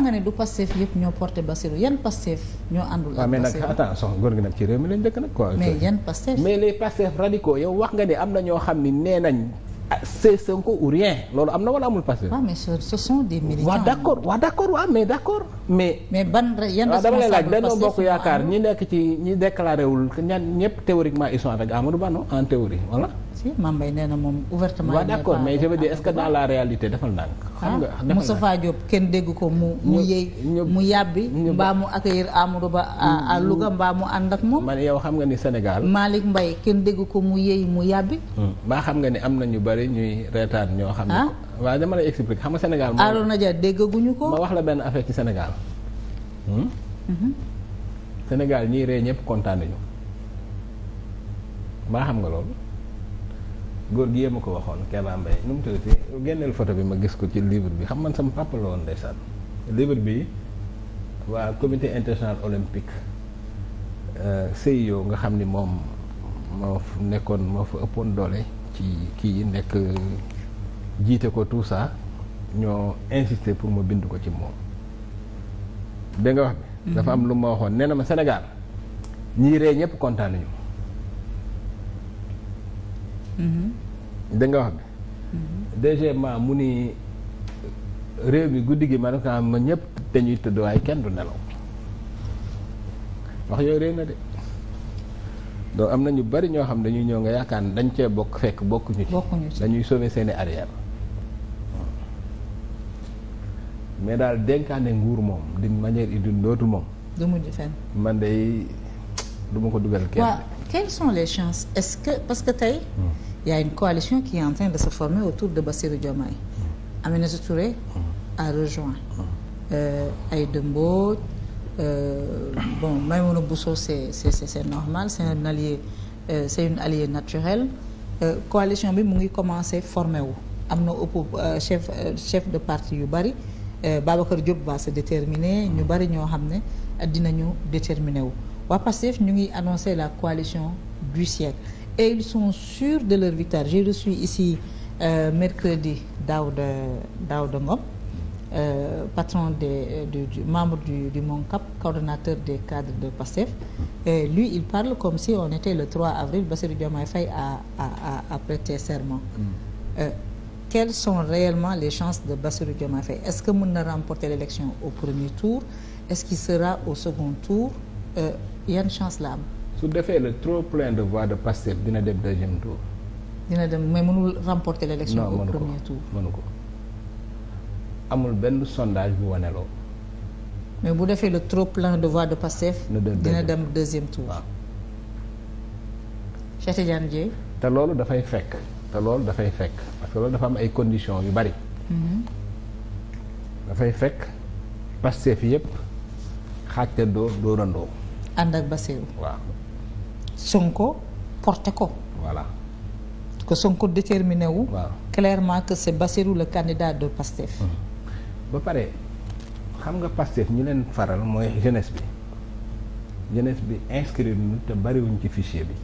pourquoi nga ne du Pastef yëpp ñoo porté Bassirou yan Pastef ñoo àndul. ak Bassirou ah, mais nag attention mais les Pastef radicaux yow wax nga ne am na ñoo xam ni nee nañ. Ah, c'est Sonko ou loolu am na wala amul Pastef. waaw ah, mais ce sont des militants. waaw d'accord waaw d'accord waaw mais d'accord mais. mais ban yan responsable Pastef dama lay Yaakaar ñi nekk ci ñi déclaré ñan ñëpp théoriquement ils sont avec Amadou Ba non en théorie voilà. si Mame Mbaye nee na moom ouvertement. waaw mais je veux dire est-ce que dans la réalité defal ndànk. xam ah, nga defal kenn dégg ko mu. mu mu yàbbi. mbaa mu accueillir Amadou Ba à mbaa mu ànd ak moom. man yow xam nga ni Sénégal. Malick mbay kenn dégg ko mu yëy mu yàbbi. maa hmm. xam nga ni am na ñu bari ñuy reetaan ñoo xam ne. Ah? waaw dama lay expliquer xam nga Sénégal. moom Arona Dia déggaguñu ko. ma wax la benn affaire ci Sénégal. Hmm? Mhm. Sénégal ñiy ree ñëpp kontaan nañu maa xam nga loolu góor gi a ko waxoon Keba Mbaye nu mu tuddati génneel photo bi ma gis ko ci livre bi xam man sama papa la woon libre livre bi waa comité international olympique euh, CIO nga xam ni moom moo nekkoon moo fa ëppoon doole ci kii nekk jiite ko tout ça ñoo insister pour ma bind ko ci moom dégg nga wax bi mm-hmm. dafa am lu ma waxoon nee na ma Sénégal ñii ree ñëpp kontaan da wax bi mhm. deuxièmement mu ni réew mi guddi gi ma ne ko ma ñëpp dañuy tëdd waaye kenn du nelaw wax yooyu réew na de donc am na ñu bari ñoo xam ne dañuy ñëw nga yaakaar ne dañ cee bokk fekk bokkuñu ci dañuy sauver seeni arrière mais daal dénkaane nguur moom di manière et d'une autre moom du mujj fenn man day duma ko dugal kenn quelles sont les chances est-ce parce que tey hmm. y a une coalition qui est en train de se former autour de Bassirou Diomaye. Aminata Touré a rejoint. Mm-hmm. Euh, Aïda Mbodj euh, bon Maïmouna Bousso c'est c'est c'est normal c'est un allié euh, c'est une alliée naturelle euh, coalition bi mu ngi commencé formé wu am na ëpp chef chef de partie yu bari Babacar Diop va se déterminer ñu bari ñoo xam ne dinañu déterminer wu waa Pastef ñu ngi annoncé la coalition du siècle et ils sont sûrs de leur victoire j'ai reçu ici euh, mercredi Daouda Daouda Ngom euh, patron des euh, du, du membre du du MONCAP coordonnateur des cadres de PASTEF et lui il parle comme si on était le 3 avril Bassirou Diomaye Faye a a a, a prêté serment. Mm. Euh, quelles sont réellement les chances de Bassirou Diomaye Faye est-ce que mën na remporter l'élection au premier tour est-ce qu'il sera au second tour euh, yan chance la am. su defee le trop plein de voix de Pastef dina dem deuxième tour. dina dem mais mënul remporter l'élection au premier tour non mënu ko amul benn sondage bu waneloo mais bu defee le trop plein de voix de Pastef. dina dem deuxième tour waaw. Cheikh Tidiane Dièye. te loolu dafay fekk te loolu dafay fekk parce que loolu dafa am ay conditions yu bari. Mhm. dafay fekk Pastef yëpp xaajte doo dóorandoo. ànd ak Bassirou Sonko porte ko. voilà que Sonko déterminé wu. waaw clairement que c'est Bassirou le candidat de Pastef. Mhm. ba pare xam nga Pastef ñu leen faral mooy jeunesse bi jeunesse bi inscrire ñu te bariwuñ ci fichier bi.